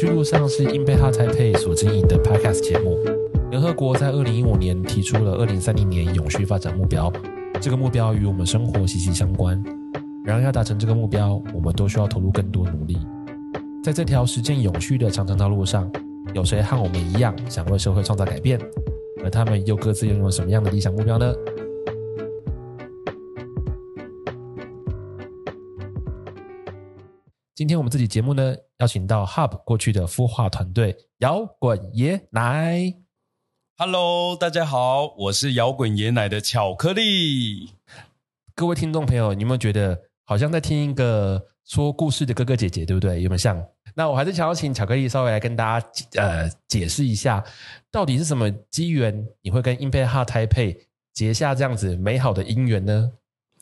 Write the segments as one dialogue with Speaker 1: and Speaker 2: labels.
Speaker 1: 永續路上是 Impact Hub Taipei 所經營的 Podcast 節目。聯合國在二零一五年提出了二零三零年永續發展目標，這個目標與我們生活息息相關。然而要達成這個目標，我們都需要投入更多努力。在這條實踐永續的長長道路上，有誰和我們一樣想為社會創造改變？而他們又各自擁有什麼樣的理想目標呢？今天我們這期節目呢，邀請到 Hub 過去的孵化團隊搖滾爺奶。
Speaker 2: Hello，大家好，我是搖滾爺奶的巧克力。
Speaker 1: 各位聽眾朋友，你有沒有覺得好像在聽一個說故事的哥哥姐姐，對不對？有沒有像？那我還是想要請巧克力稍微來跟大家呃解釋一下，到底是什麼機緣，你會跟 Impact Hub Taipei 結下這樣子美好的姻緣呢？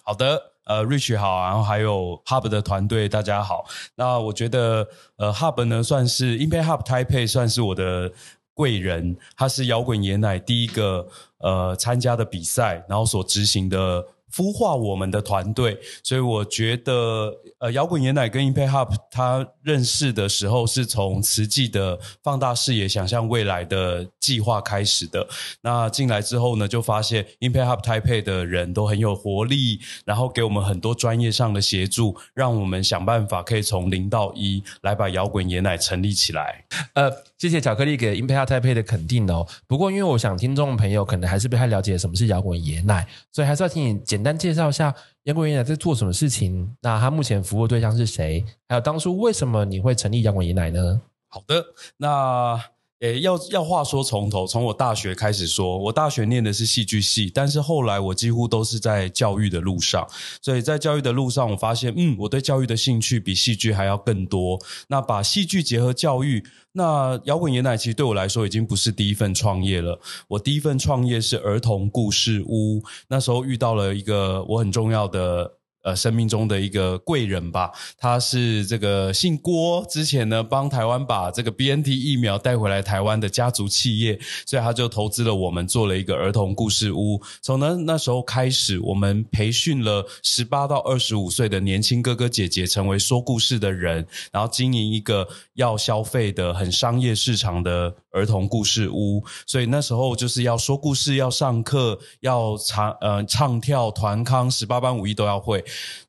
Speaker 1: 好的。呃，uh，Rich 好，
Speaker 2: 然後還有 Hub 的團
Speaker 1: 隊，大家好。那我覺得，
Speaker 2: 呃，Hub 呢算是 Impact Hub Taipei，算是我的貴人。他是搖滾爺奶第一個呃參加的比賽，然後所執行的。孵化我們的團隊，所以我覺得，呃，搖滾爺奶跟 Impact Hub，他認識的時候是從實際的放大視野、想象未來的計劃開始的。那進來之後呢，就發現 Impact Hub Taipei 的人都很有活力，然後給我們很多專業上的協助，讓我們想辦法可以從零到一來把搖滾爺奶成立起來。
Speaker 1: 呃。謝謝巧克力給 Impact Hub Taipei 的肯定哦。不過，因為我想聽眾朋友可能還是不太了解什麼是搖滾爺奶，所以還是要請你簡單介紹一下搖滾爺奶在做什麼事情。那他目前服務對象是誰？還有當初為什麼你會成立搖滾爺奶呢？
Speaker 2: 好的，那。誒，要要話說從頭，從我大學開始說。我大學念的是戲劇系，但是後來我幾乎都是在教育的路上。所以在教育的路上，我發現，嗯，我對教育的興趣比戲劇還要更多。那把戲劇結合教育，那搖滾爺奶其實對我來說已經不是第一份創業了。我第一份創業是兒童故事屋，那時候遇到了一個我很重要的。呃，生命中的一個貴人吧，他是這個姓郭，之前呢幫台灣把這個 BNT 疫苗帶回來台灣的家族企業，所以他就投資了我們，做了一個兒童故事屋。從那那時候開始，我們培訓了十八到二十五歲的年輕哥哥姐姐，成為說故事的人，然後經營一個要消費的很商業市場的。兒童故事屋，所以那時候就是要說故事，要上課，要唱，呃，唱跳團康，十八般武藝都要會。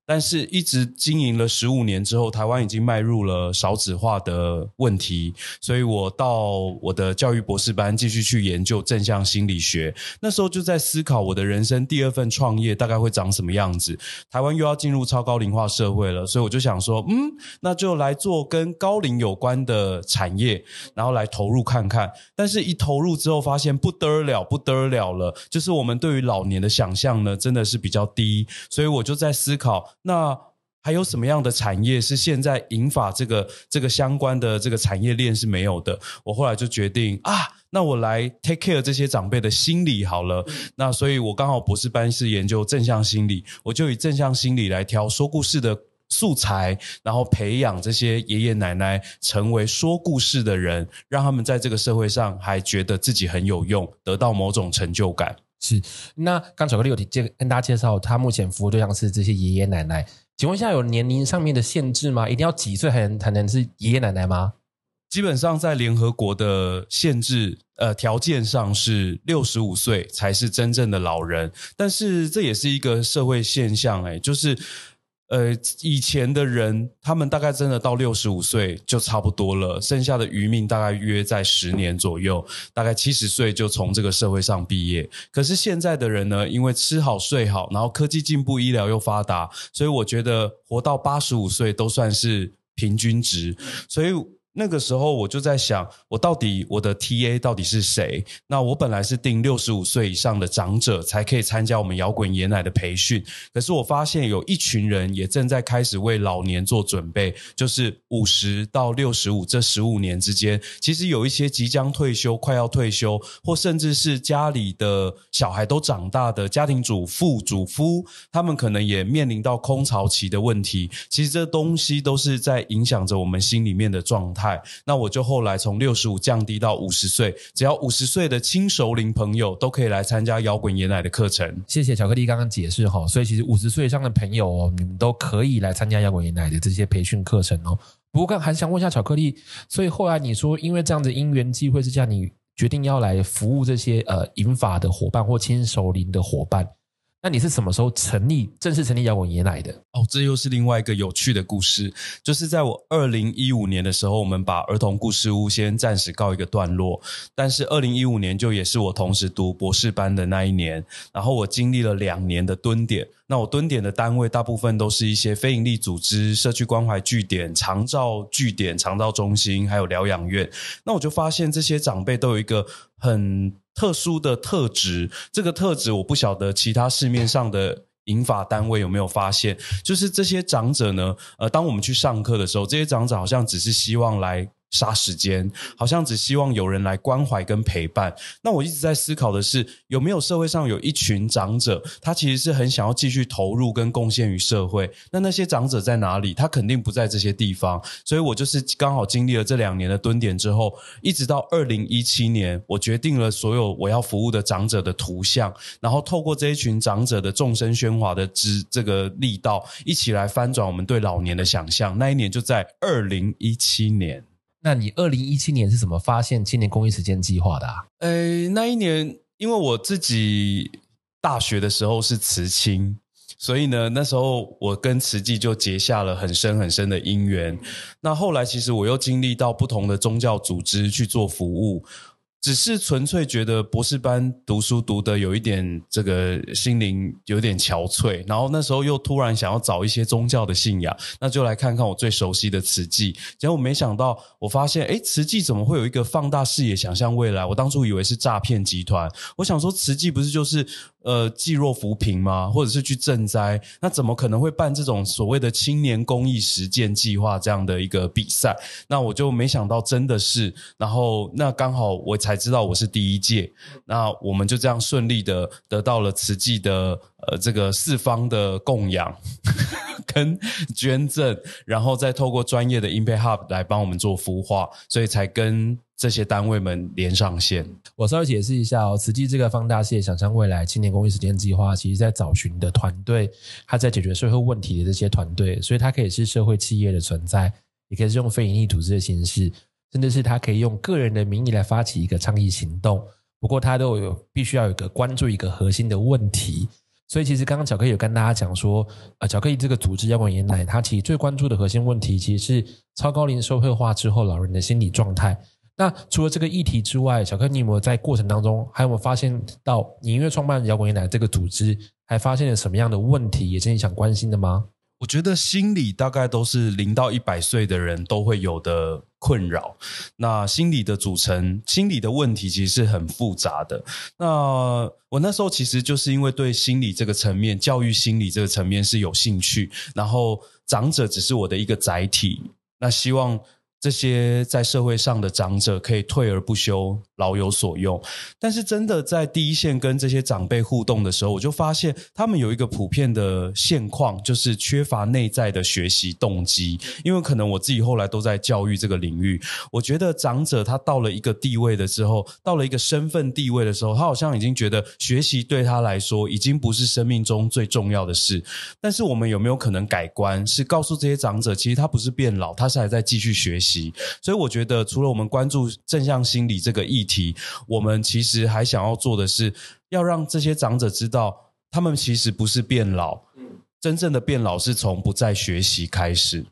Speaker 2: 但是，一直經營了十五年之後，台灣已經邁入了少子化的問題，所以我到我的教育博士班繼續去研究正向心理學。那時候就在思考我的人生第二份創業大概會長什麼樣子。台灣又要進入超高齡化社會了，所以我就想說，嗯，那就來做跟高齡有關的產業，然後來投入看看。但是，一投入之後發現不得了，不得了了，就是我們對於老年的想象呢，真的是比較低，所以我就在思考。那還有什麼樣的產業是現在銀髮這個這個相關的這個產業鏈是沒有的？我後來就決定啊，那我來 take care 這些長輩的心理好了。嗯、那所以我剛好博士班是研究正向心理，我就以正向心理來挑說故事的素材，然後培養這些爺爺奶奶成為說故事的人，讓他們在這個社會上還覺得自己很有用，得到某種成就感。
Speaker 1: 是，那剛巧克力有個跟大家介紹，他目前服務對象是這些爺爺奶奶，請問一下有年齡上面的限制嗎？一定要幾歲才能才能是爺爺奶奶嗎？
Speaker 2: 基本上在聯合國的限制呃條件上是六十五歲才是真正的老人，但是這也是一個社會現象哎、欸，就是。呃，以前的人，他們大概真的到六十五歲就差不多了，剩下的餘命大概約在十年左右，大概七十歲就從這個社會上畢業。可是現在的人呢，因為吃好睡好，然後科技進步、醫療又發達，所以我覺得活到八十五歲都算是平均值。所以。那個時候我就在想，我到底我的 TA 到底是誰？那我本來是定六十五歲以上的長者才可以參加我們搖滾爺奶的培訓，可是我發現有一群人也正在開始為老年做準備，就是五十到六十五這十五年之間，其實有一些即將退休、快要退休，或甚至是家裡的小孩都長大的家庭主婦、主夫，他們可能也面臨到空巢期的問題。其實這東西都是在影響着我們心裡面的狀態。害，那我就後來從六十五降低到五十歲，只要五十歲的輕熟齡朋友都可以來參加搖滾爺奶的課程。
Speaker 1: 謝謝巧克力剛剛解釋哈、哦，所以其實五十歲以上的朋友哦，你們都可以來參加搖滾爺奶的這些培訓課程哦。不過剛還是想問一下巧克力，所以後來你說因為這樣子因緣際會之下，你決定要來服務這些呃銀髮的夥伴或輕熟齡的夥伴。那你是什麼時候成立，正式成立搖滾爺奶的？
Speaker 2: 哦，這又是另外一個有趣的故事。就是在我二零一五年的時候，我們把兒童故事屋先暫時告一個段落。但是二零一五年就也是我同時讀博士班的那一年，然後我經歷了兩年的蹲點。那我蹲點的單位大部分都是一些非營利組織、社區關懷據點、長照據點、長照中心，還有療養院。那我就發現這些長輩都有一個很。特殊的特質，這個特質我不曉得其他市面上的銀髮單位有沒有發現，就是這些長者呢，呃，當我們去上課的時候，這些長者好像只是希望來殺時間，好像只希望有人來關懷跟陪伴。那我一直在思考的是，有沒有社會上有一群長者，他其實是很想要繼續投入跟貢獻於社會。那那些長者在哪裡？他肯定不在這些地方。所以我就是剛好經歷了這兩年的蹲點之後，一直到二零一七年，我決定了所有我要服務的長者的圖像，然後透過這一群長者的眾生喧嘩的這這個力道，一起來翻轉我們對老年的想象那一年就在二零一七
Speaker 1: 年。那你二零一七年是怎麼發現青年公益實踐計劃的啊？誒、欸，
Speaker 2: 那一年因為我自己大學的時候是慈青，所以呢，那時候我跟慈濟就結下了很深很深的因緣。那後來其實我又經歷到不同的宗教組織去做服務。只是純粹覺得博士班讀書讀得有一點這個心靈有點憔悴，然後那時候又突然想要找一些宗教的信仰，那就來看看我最熟悉的慈濟。結果沒想到，我發現，哎，慈濟怎麼會有一個放大視野、想象未來？我當初以為是詐騙集團。我想說，慈濟不是就是呃濟弱扶貧嗎？或者是去賑災？那怎麼可能會辦這種所謂的青年公益實踐計劃這樣的一個比賽？那我就沒想到，真的是。然後那剛好我才。才知道我是第一屆，那我們就這樣順利的得到了慈濟的呃這個四方的供養呵呵跟捐贈，然後再透過專業的 Impact Hub 來幫我們做孵化，所以才跟這些單位們連上線。
Speaker 1: 我稍微解釋一下哦，慈濟這個放大視野、想象未來青年公益實踐計劃，其實在找尋的團隊，他在解決社會問題的這些團隊，所以它可以是社會企業的存在，也可以是用非營利組織的形式。真的是他可以用個人的名義來發起一個倡議行動，不過他都有必須要有個關注一個核心的問題。所以其實剛剛巧克力有跟大家講說，呃，巧克力這個組織搖滾爺奶，它其實最關注的核心問題其實是超高齡社會化之後老人的心理狀態。那除了這個議題之外，巧克力你有沒有在過程當中還有沒有發現到你因為創辦搖滾爺奶這個組織，還發現了什麼樣的問題，也是你想關心的嗎？
Speaker 2: 我覺得心理大概都是零到一百歲的人都會有的困擾。那心理的組成，心理的問題其實是很複雜的。那我那時候其實就是因為對心理這個層面，教育心理這個層面是有興趣，然後長者只是我的一個載體。那希望這些在社會上的長者可以退而不休，老有所用。但是，真的在第一線跟這些長輩互動的時候，我就發現他們有一個普遍的現況，就是缺乏內在的學習動機。因為可能我自己後來都在教育這個領域，我覺得長者他到了一個地位的時候，到了一個身份地位的時候，他好像已經覺得學習對他來說已經不是生命中最重要的事。但是，我們有沒有可能改觀？是告訴這些長者，其實他不是變老，他是還在繼續學習。所以，我覺得除了我們關注正向心理這個議題，我們其實還想要做的是，要讓這些長者知道，他們其實不是變老，嗯、真正的變老是從不再學習開始。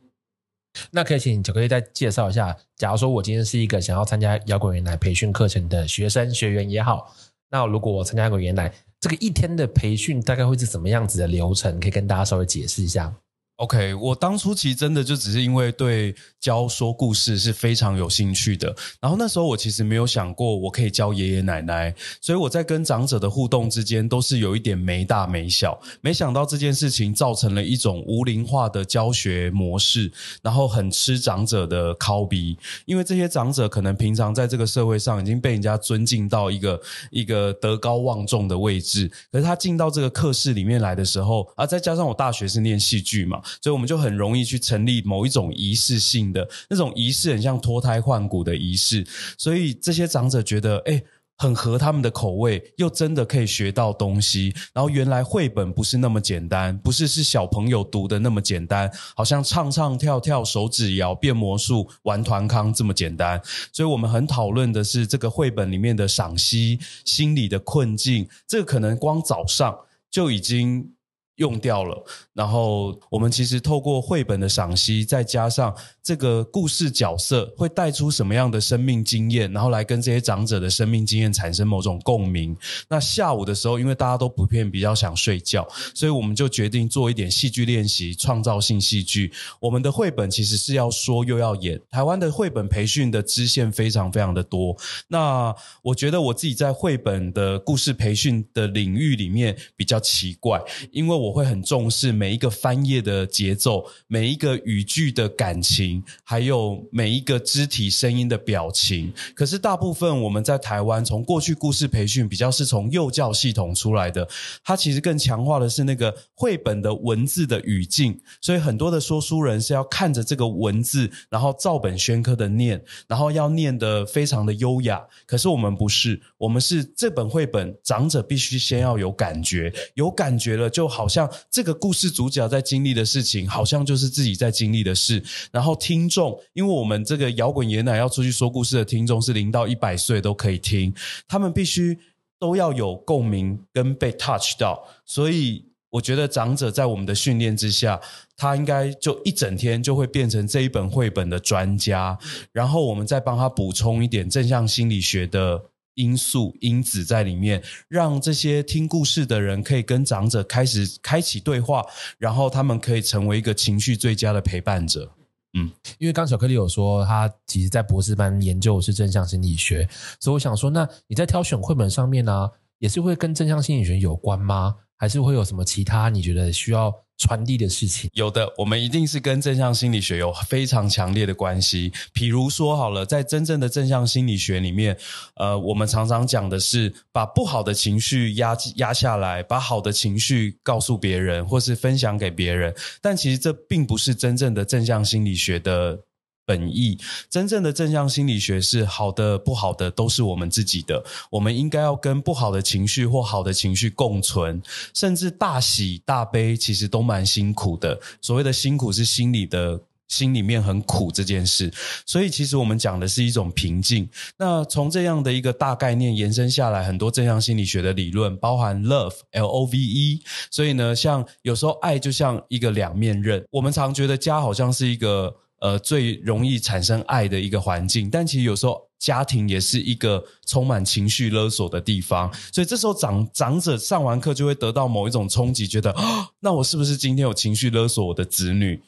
Speaker 1: 那可以，請你可以再介紹一下，假如說我今天是一個想要參加搖滾爺奶培訓課程的學生學員也好，那如果我參加搖滾爺奶這個一天的培訓，大概會是什麼樣子的流程？可以跟大家稍微解釋一下。
Speaker 2: OK，我當初其實真的就只是因為對教說故事是非常有興趣的，然後那時候我其實沒有想過我可以教爺爺奶奶，所以我在跟長者的互動之間都是有一點沒大沒小。沒想到這件事情造成了一種無齡化的教學模式，然後很吃長者的靠逼，因為這些長者可能平常在這個社會上已經被人家尊敬到一個一個德高望重的位置，可是他進到這個課室裡面來的時候，啊，再加上我大學是念戲劇嘛。所以我們就很容易去成立某一種儀式性的那種儀式，很像脫胎換骨的儀式。所以這些長者覺得，誒、欸，很合他們的口味，又真的可以學到東西。然後原來繪本不是那麼簡單，不是是小朋友讀的那麼簡單，好像唱唱跳跳、手指搖、變魔術、玩團康這麼簡單。所以我們很討論的是這個繪本裡面的賞析心理的困境。這個、可能光早上就已經。用掉了，然後我們其實透過繪本的賞析，再加上這個故事角色會帶出什麼樣的生命經驗，然後來跟這些長者的生命經驗產生某種共鳴。那下午的時候，因為大家都普遍比較想睡覺，所以我們就決定做一點戲劇練習，創造性戲劇。我們的繪本其實是要說又要演。台灣的繪本培訓的支線非常非常的多。那我覺得我自己在繪本的故事培訓的領域裡面比較奇怪，因為我。我會很重視每一個翻頁的節奏，每一個語句的感情，還有每一個肢體聲音的表情。可是，大部分我們在台灣，從過去故事培訓比較是從幼教系統出來的，它其實更強化的是那個繪本的文字的語境。所以，很多的說書人是要看着這個文字，然後照本宣科的唸，然後要唸得非常的優雅。可是，我們不是，我們是這本繪本，長者必須先要有感覺，有感覺了，就好像。像這個故事主角在經歷的事情，好像就是自己在經歷的事。然後聽眾，因為我們這個搖滾爺奶要出去說故事的聽眾是零到一百歲都可以聽，他們必須都要有共鳴跟被 touch 到。所以我覺得長者在我們的訓練之下，他應該就一整天就會變成這一本繪本的專家。然後我們再幫他補充一點正向心理學的。因素因子在裡面，讓這些聽故事的人可以跟長者開始開啟對話，然
Speaker 1: 後他們可以成為一個情緒最佳的陪伴者。嗯，因為剛巧克力有說他其實在博士班研究的是正向心理學，所以我想說，那你在挑選繪本上面呢、啊，也是會跟正向心理學有關嗎？還是會有什麼其他你覺得需要？傳遞的事情，有的我們一定是跟正向心理學有非常強烈的關係。比
Speaker 2: 如說，好了，在真正的正向心理學裡面，呃，我們常常講的是把不好的情緒壓壓下來，把好的情緒告訴別人或是分享給別人，但其實這並不是真正的正向心理學的，本意，真正的正向心理學是好的不好的都是我們自己的，我們應該要跟不好的情緒或好的情緒共存，甚至大喜大悲其實都蠻辛苦的。所謂的辛苦是心裡的，心裡面很苦這件事，所以其實我們講的是一種平靜。那從這樣的一個大概念延伸下來，很多正向心理學的理論包含 love, L-O-V-E，所以呢，像有時候愛就像一個兩面刃，我們常覺得家好像是一個。呃，最容易產生愛的一個環境，但其實有時候家庭也是一個充滿情緒勒索的地方，所以這時候長長者上完課就會得到某一種衝擊，覺得，哦，那我是不是今天有情緒勒索我的子女？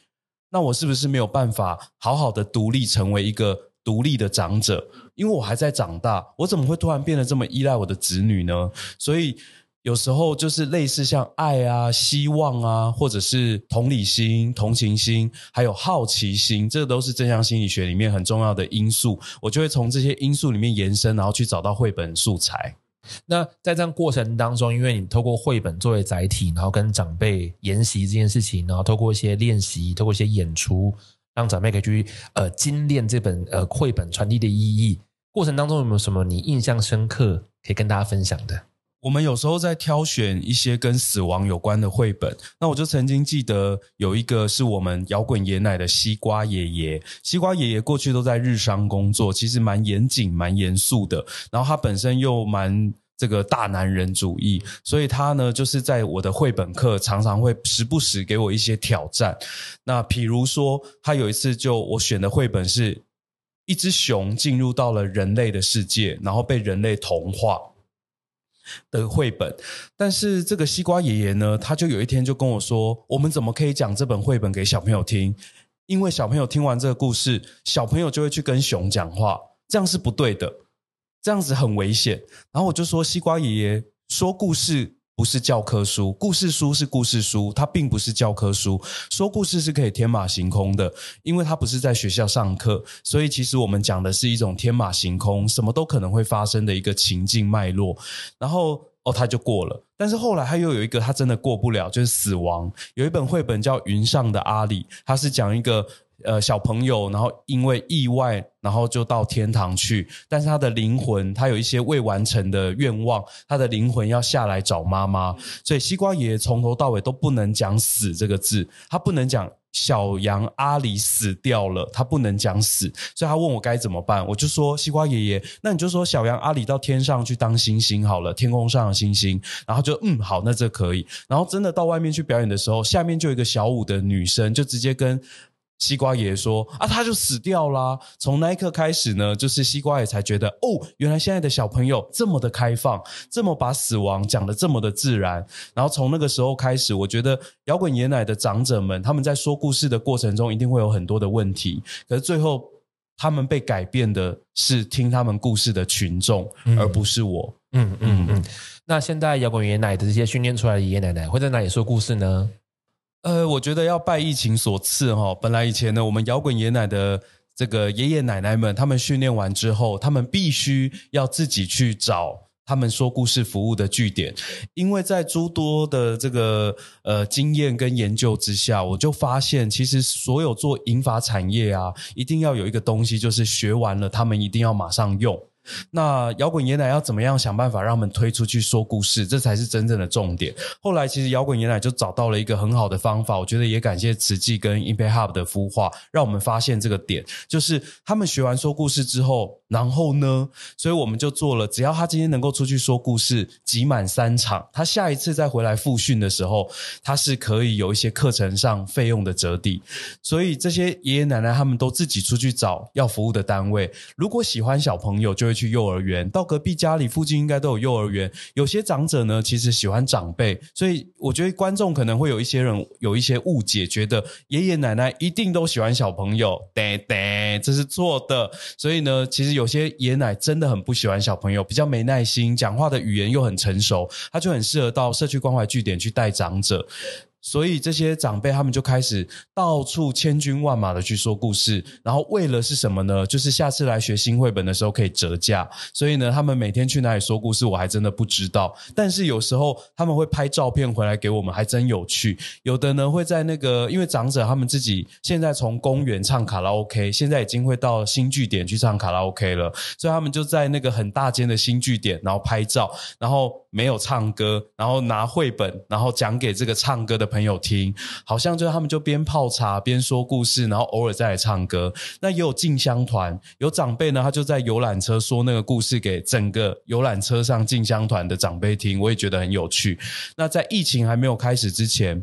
Speaker 2: 那我是不是沒有辦法好好的獨立成為一個獨立的長者？因為我還在長大，我怎麼會突然變得這麼依賴我的子女呢？所以。有時候就是類似像愛啊、希望啊，或者是同理心、同情心，還有好奇心，這都是正向心理學裡面很重要
Speaker 1: 的因素。我就會從這些因素裡面延伸，然後去找到繪本素材。那在這樣過程當中，因為你透過繪本作為載體，然後跟長輩研習這件事情，然後透過一些練習、透過一些演出，讓長輩可以去呃精煉這本呃繪本傳遞的意義。過程當中有沒有什麼你印象深刻可以跟大家分享的？
Speaker 2: 我們有時候在挑選一些跟死亡有關的繪本，那我就曾經記得有一個是我們搖滾爺奶的西瓜爺爺。西瓜爺爺過去都在日商工作，其實蠻嚴謹、蠻嚴肅的。然後他本身又蠻這個大男人主義，所以他呢，就是在我的繪本課常常會時不時給我一些挑戰。那譬如說，他有一次就我選的繪本是一隻熊進入到了人類的世界，然後被人類同化。的繪本，但是這個西瓜爺爺呢，他就有一天就跟我說：“我們怎麼可以講這本繪本給小朋友聽？因為小朋友聽完這個故事，小朋友就會去跟熊講話，這樣是不對的，這樣子很危險。”然後我就說：“西瓜爺爺，說故事。”不是教科書，故事書是故事書，它並不是教科書。說故事是可以天馬行空的，因為它不是在學校上課，所以其實我們講的是一種天馬行空，什麼都可能會發生的一個情境脈絡。然後哦，他就過了，但是後來他又有一個他真的過不了，就是死亡。有一本繪本叫《雲上的阿里》，它是講一個。呃，小朋友，然後因為意外，然後就到天堂去，但是他的靈魂，他有一些未完成的願望，他的靈魂要下來找媽媽，所以西瓜爺爺從頭到尾都不能講“死”這個字，他不能講小羊阿里死掉了，他不能講死，所以他問我該怎麼辦，我就說西瓜爺爺，那你就說小羊阿里到天上去當星星好了，天空上的星星，然後就嗯好，那這可以，然後真的到外面去表演的時候，下面就有一個小五的女生就直接跟。西瓜爺爺說：“啊，他就死掉啦。從那一刻開始呢，就是西瓜爺才覺得，哦，原來現在的小朋友這麼的開放，這麼把死亡講得這麼的自然。然後從那個時候開始，我覺得搖滾爺奶的長者們，他們在說故事的過程中，一定會有很多的問題。可是最後，他們
Speaker 1: 被改變的是聽他們故事的群眾，而不是我。嗯嗯嗯。嗯嗯，那現在搖滾爺奶的這些訓練出來的爺爺奶奶會在哪裡說故事呢？”呃，
Speaker 2: 我覺得要拜疫情所賜哈。本來以前呢，我們搖滾爺奶的這個爺爺奶奶們，他們訓練完之後，他們必須要自己去找他們說故事服務的據點，因為在諸多的這個呃經驗跟研究之下，我就發現，其實所有做銀髮產業啊，一定要有一個東西，就是學完了，他們一定要馬上用。那搖滾爺奶要怎麼樣想辦法讓他們推出去，說故事，這才是真正的重點。後來其實搖滾爺奶就找到了一個很好的方法，我覺得也感謝慈濟跟 Impact Hub 的孵化，讓我們發現這個點。就是他們學完說故事之後，然後呢，所以我們就做了，只要他今天能夠出去說故事，集滿三場，他下一次再回來複訓的時候，他是可以有一些課程上費用的折抵。所以這些爺爺奶奶他們都自己出去找要服務的單位，如果喜歡小朋友就。會去幼兒園，到隔壁家裡附近應該都有幼兒園。有些長者呢，其實喜歡長輩，所以我覺得觀眾可能會有一些人有一些誤解，覺得爺爺奶奶一定都喜歡小朋友。對對，這是錯的。所以呢，其實有些爺奶真的很不喜歡小朋友，比較沒耐心，講話的語言又很成熟，他就很適合到社區關懷據點去帶長者。所以這些長輩他們就開始到處千軍萬馬的去說故事，然後為了是什麼呢？就是下次來學新繪本的時候可以折價。所以呢，他們每天去哪裡說故事，我還真的不知道。但是有時候他們會拍照片回來給我們，還真有趣。有的呢會在那個，因為長者他們自己現在從公園唱卡拉 OK，現在已經會到新據點去唱卡拉 OK 了，所以他們就在那個很大間的新據點，然後拍照，然後。沒有唱歌，然後拿繪本，然後講給這個唱歌的朋友聽，好像就他們就邊泡茶邊說故事，然後偶爾再來唱歌。那也有進香團，有長輩呢，他就在遊覽車說那個故事給整個遊覽車上進香團的長輩聽，我也覺得很有趣。那在疫情還沒有開始之前。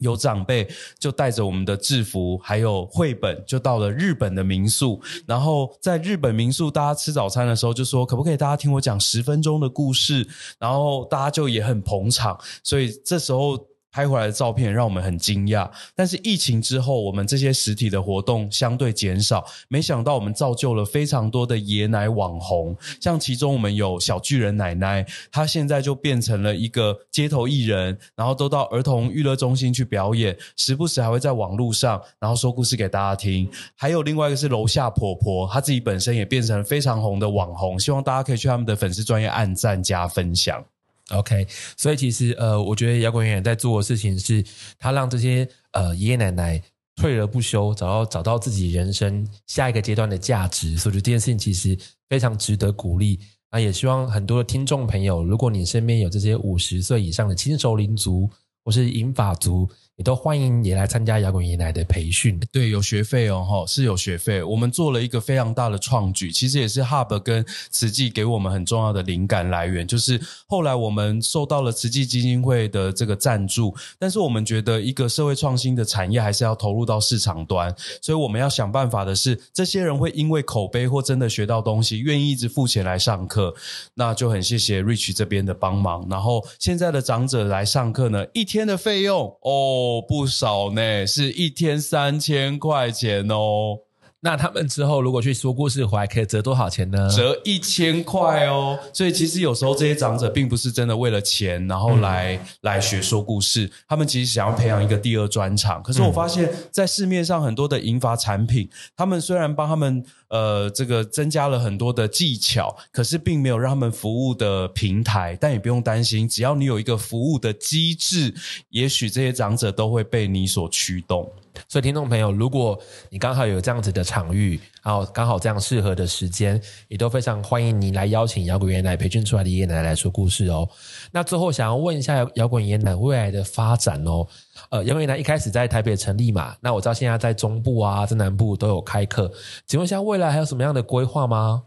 Speaker 2: 有長輩就帶着我們的制服，還有繪本，就到了日本的民宿。然後在日本民宿，大家吃早餐的時候就說：“可不可以大家聽我講十分鐘的故事？”然後大家就也很捧場，所以這時候。拍回來的照片讓我們很驚訝，但是疫情之後，我們這些實體的活動相對減少。沒想到我們造就了非常多的爺奶網紅，像其中我們有小巨人奶奶，她現在就變成了一個街頭藝人，然後都到兒童娛樂中心去表演，時不時還會在網路上然後說故事給大家聽。還有另外一個是樓下婆婆，她自己本
Speaker 1: 身也變成了非常紅的網紅，
Speaker 2: 希望大家可以去他們的粉絲專頁按讚加分
Speaker 1: 享。OK，所以其實呃，我覺得搖滾爺奶在做的事情是，他讓這些呃爺爺奶奶退而不休，找到找到自己人生下一個階段的價值，所以這件事情其實非常值得鼓勵。那、啊、也希望很多的聽眾朋友，如果你身邊有這些五十歲以上的輕熟齡族或是銀髮族。都歡迎你來參加搖滾爺奶的培訓。對，有學費哦，哈，是有學費。我們做了一個非常
Speaker 2: 大的創舉，其實也是 Hub 跟慈濟給我們很重要的靈感來源。就是後來我們受到了慈濟基金會的這個贊助，但是我們覺得一個社會創新的產業還是要投入到市場端，所以我們要想辦法的是，這些人會因為口碑或真的學到東西，願意一直付錢來上課。那就很謝謝 Rich 這邊的幫忙。然後現在的長者來上課呢，一天的費用哦。喔，不少呢，是一天三千塊錢哦。那他們之後如果去說
Speaker 1: 故事，我還可以折多少錢呢？折
Speaker 2: 一千塊哦。所以其實有時候這些長者並不是真的為了錢，然後來、嗯、來學說故事。他們其實想要培養一個第二專長。可是我發現，在市面上很多的銀髮產品，嗯、他們雖然幫他們呃這個增加了很多的技巧，可是並沒有讓他們服務的平台。但也不用擔心，只要你有一個服務的機制，也許這些長者都會被你所驅動。
Speaker 1: 所以，聽眾朋友，如果你剛好有這樣子的場域，然後剛好這樣適合的時間，也都非常歡迎你來邀請搖滾爺奶來培訓出來的爺爺奶奶來說故事哦。那最後想要問一下，搖滾爺奶未來的發展哦。呃，搖滾爺奶一開始在台北成立嘛，那我知道現在在中部啊，在南部都有開課，請問一下未來還有什麼樣的規劃嗎？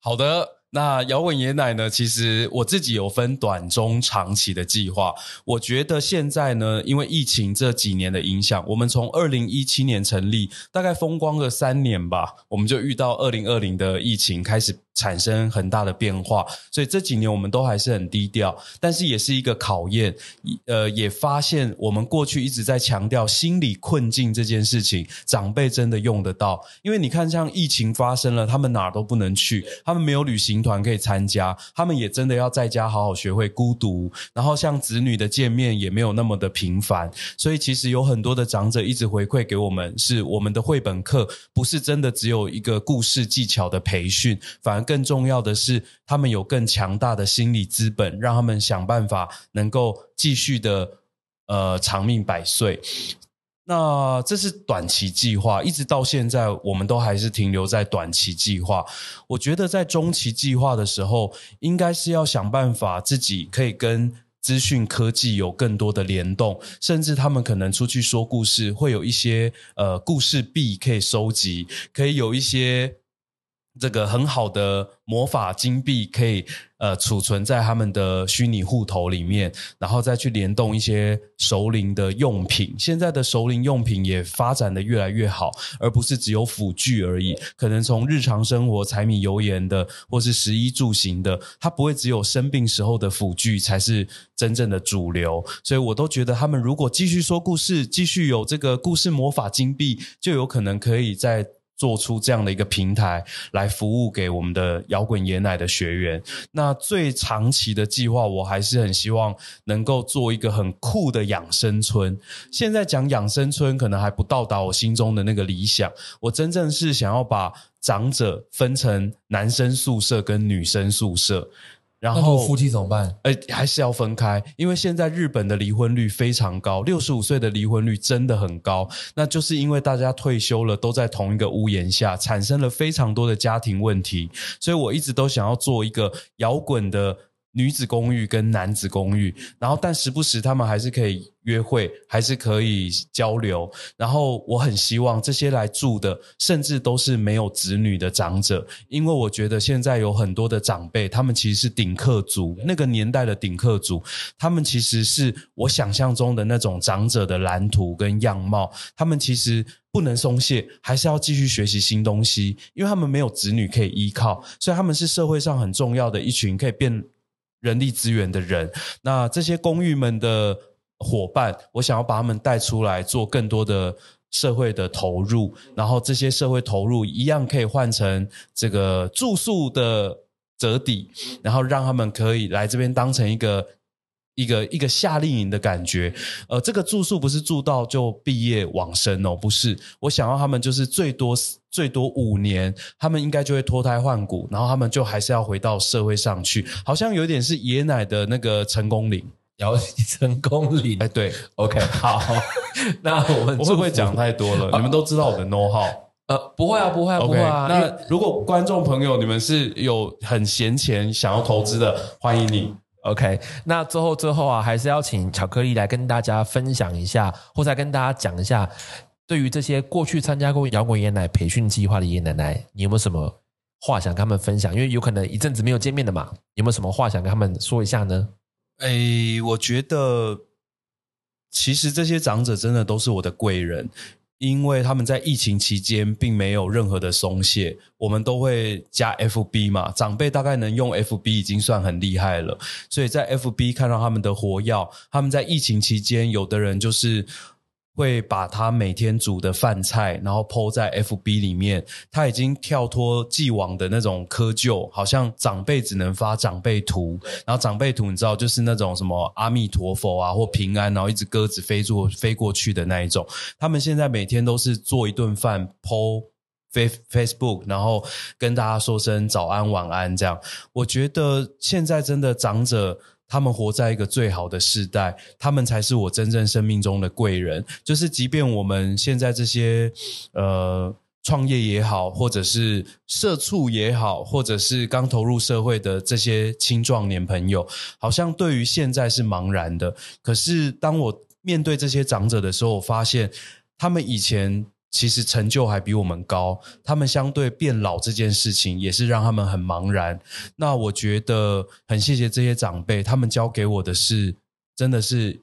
Speaker 2: 好的。那搖滾爺奶呢？其實我自己有分短、中、長期的計劃。我覺得現在呢，因為疫情這幾年的影響，我們從二零一七年成立，大概風光了三年吧，我們就遇到二零二零的疫情開始。產生很大的變化，所以這幾年我們都還是很低調，但是也是一個考驗。呃，也發現我們過去一直在強調心理困境這件事情，長輩真的用得到。因為你看，像疫情發生了，他們哪兒都不能去，他們沒有旅行團可以參加，他們也真的要在家好好學會孤獨。然後，像子女的見面也沒有那麼的頻繁，所以其實有很多的長者一直回饋給我們，是我們的繪本課不是真的只有一個故事技巧的培訓，反。更重要的是，他們有更強大的心理資本，讓他們想辦法能夠繼續的呃長命百歲。那這是短期計劃，一直到現在，我們都還是停留在短期計劃。我覺得在中期計劃的時候，應該是要想辦法自己可以跟資訊科技有更多的聯動，甚至他們可能出去說故事，會有一些呃故事幣可以收集，可以有一些。這個很好的魔法金幣可以呃儲存在他們的虛擬戶頭裡面，然後再去聯動一些熟齡的用品。現在的熟齡用品也發展的越來越好，而不是只有輔具而已。可能從日常生活柴米油鹽的，或是食衣住行的，它不會只有生病時候的輔具才是真正的主流。所以，我都覺得他們如果繼續說故事，繼續有這個故事魔法金幣，就有可能可以在做出這樣的一個平台來服務給我們的搖滾爺奶的學員。那最長期的計劃，我還是很希望能夠做一個很酷的養生村。現在講養生村，可能還不到達我心中的那個理想。我真正是想要把長者分成男生宿舍跟女生宿舍。然後夫妻怎麼辦？誒，還是要分開，因為現在日本的離婚率非常高，六十五歲的離婚率真的很高。那就是因為大家退休了，都在同一個屋檐下，產生了非常多的家庭問題。所以我一直都想要做一個搖滾的。女子公寓跟男子公寓，然後但時不時他們還是可以約會，還是可以交流。然後我很希望這些來住的，甚至都是沒有子女的長者，因為我覺得現在有很多的長輩，他們其實是頂客族，那個年代的頂客族，他們其實是我想象中的那種長者的藍圖跟樣貌。他們其實不能鬆懈，還是要繼續學習新東西，因為他們沒有子女可以依靠，所以他們是社會上很重要的一群，可以變。人力資源的人，那這些公寓們的夥伴，我想要把他們帶出來做更多的社會的投入，然後這些社會投入一樣可以換成這個住宿的折抵，然後讓他們可以來這邊當成一個一個一個夏令營的感覺。呃，這個住宿不是住到就畢業往生哦，不是，我想要他們就是最多，最多五年，他們應該就會脫胎換骨，然後他們就還是要回到社會上去，好像有點是爺奶的那個成功嶺，然後 成功嶺林。哎，對，OK， 好， 那我們會 不會講太多了？ 你們都知道我的 know how，呃，不會啊，不會、啊，okay，不會啊。那如果
Speaker 1: 觀眾朋友你們是有很閒錢想要投資的，嗯、歡迎你，OK。那最後最後啊，還是要請巧克力來跟大家分享一下，或再跟大家講一下。對於這些過去參加過搖滾爺爺奶奶培訓計劃的爺爺奶奶，你有沒有什麼話想跟他們分享？因為有可能一陣子沒有見面的嘛，有沒有什麼話想跟他們說一下呢？
Speaker 2: 哎、欸，我覺得其實這些長者真的都是我的貴人，因為他們在疫情期間並沒有任何的鬆懈。我們都會加 FB 嘛，長輩大概能用 FB 已經算很厲害了，所以在 FB 看到他們的活躍。他們在疫情期間，有的人就是。會把他每天煮的飯菜，然後 po 在 FB 裡面。他已經跳脫既往的那種窠臼，好像長輩只能發長輩圖，然後長輩圖你知道就是那種什麼阿彌陀佛啊或平安，然後一隻鴿子飛過飛過去的那一種。他們現在每天都是做一頓飯 po Face Facebook，然後跟大家說聲早安晚安這樣。我覺得現在真的長者。他們活在一個最好的世代，他們才是我真正生命中的貴人。就是，即便我們現在這些呃創業也好，或者是社畜也好，或者是剛投入社會的這些青壯年朋友，好像對於現在是茫然的。可是，當我面對這些長者的時候，我發現他們以前。其實成就還比我們高，他們相對變老這件事情也是讓他們很茫然。那我覺得很謝謝這些長輩，他們教給我的是真的是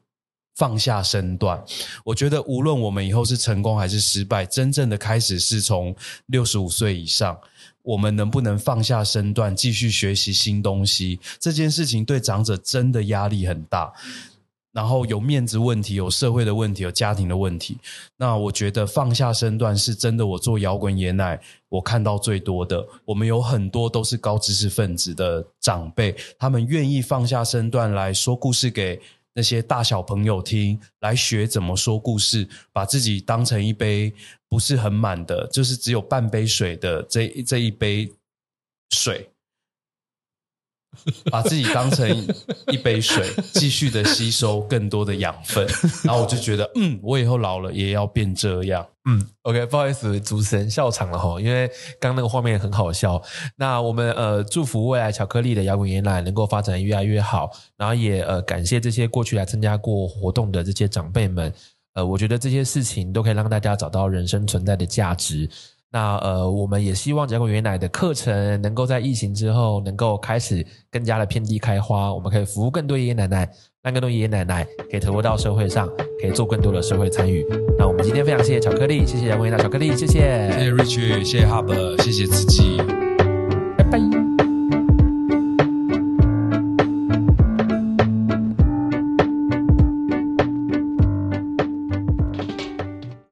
Speaker 2: 放下身段。我覺得無論我們以後是成功還是失敗，真正的開始是從六十五歲以上。我們能不能放下身段，繼續學習新東西？這件事情對長者真的壓力很大。然後有面子問題，有社會的問題，有家庭的問題。那我覺得放下身段是真的。我做搖滾爺奶，我看到最多的，我們有很多都是高知識分子的長輩，他們願意放下身段來說故事給那些大小朋友聽，來學怎麼說故事，把自己當成一杯不是很滿的，就是只有半杯水的這這一杯水。
Speaker 1: 把自己當成一杯水， 繼續的吸收更多的養分， 然後我就覺得， 嗯，我以後老了也要變這樣。嗯，OK，不好意思，主持人笑場了吼，因為剛剛那個畫面很好笑。那我們呃，祝福未來巧克力的搖滾爺奶能夠發展越來越好，然後也呃，感謝這些過去來參加過活動的這些長輩們。呃，我覺得這些事情都可以讓大家找到人生存在的價值。那呃，我們也希望搖滾爺奶的課程能夠在疫情之後能夠開始更加的遍地開花，我們可以服務更多爺爺奶奶，讓更多爺爺奶奶可以投入到社會上，可以做更多的社會參與。那我們今天非常謝謝巧克力，謝謝搖滾爺奶巧克力，謝謝謝謝 Rich，謝謝 Hub，謝謝自己，拜拜。